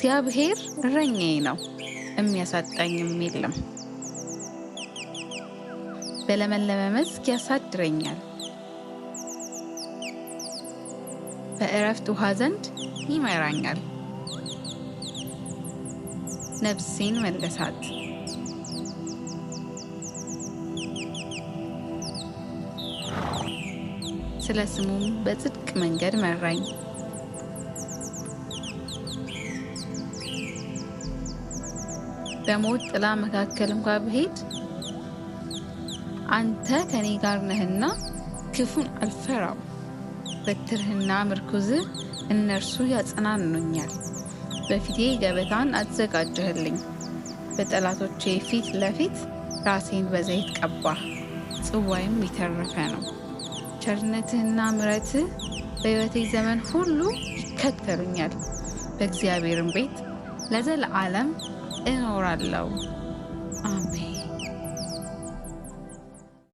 እግዚአብሔር እረኛዬ ነው፣ የሚያሳጣኝም የለም። በለመለመ መስክ ያሳድረኛል፣ በእረፍት ውሃ ዘንድ ይመራኛል። ነፍሴን መለሳት። ስለ ስሙም በጽድቅ መንገድ መራኝ። በሞት ጥላ መካከል እንኳ ብሄድ አንተ ከኔ ጋር ነህና ክፉን አልፈራው። በትርህና ምርኩዝህ እነርሱ ያጸናኑኛል። በፊቴ ገበታን አዘጋጀህልኝ፣ በጠላቶቼ ፊት ለፊት ራሴን በዘይት ቀባ ጽዋይም የተረፈ ነው። ቸርነትህና ምረትህ በሕይወቴ ዘመን ሁሉ ይከተሉኛል፣ በእግዚአብሔርም ቤት ለዘለዓለም እኖራለሁ። አሜን።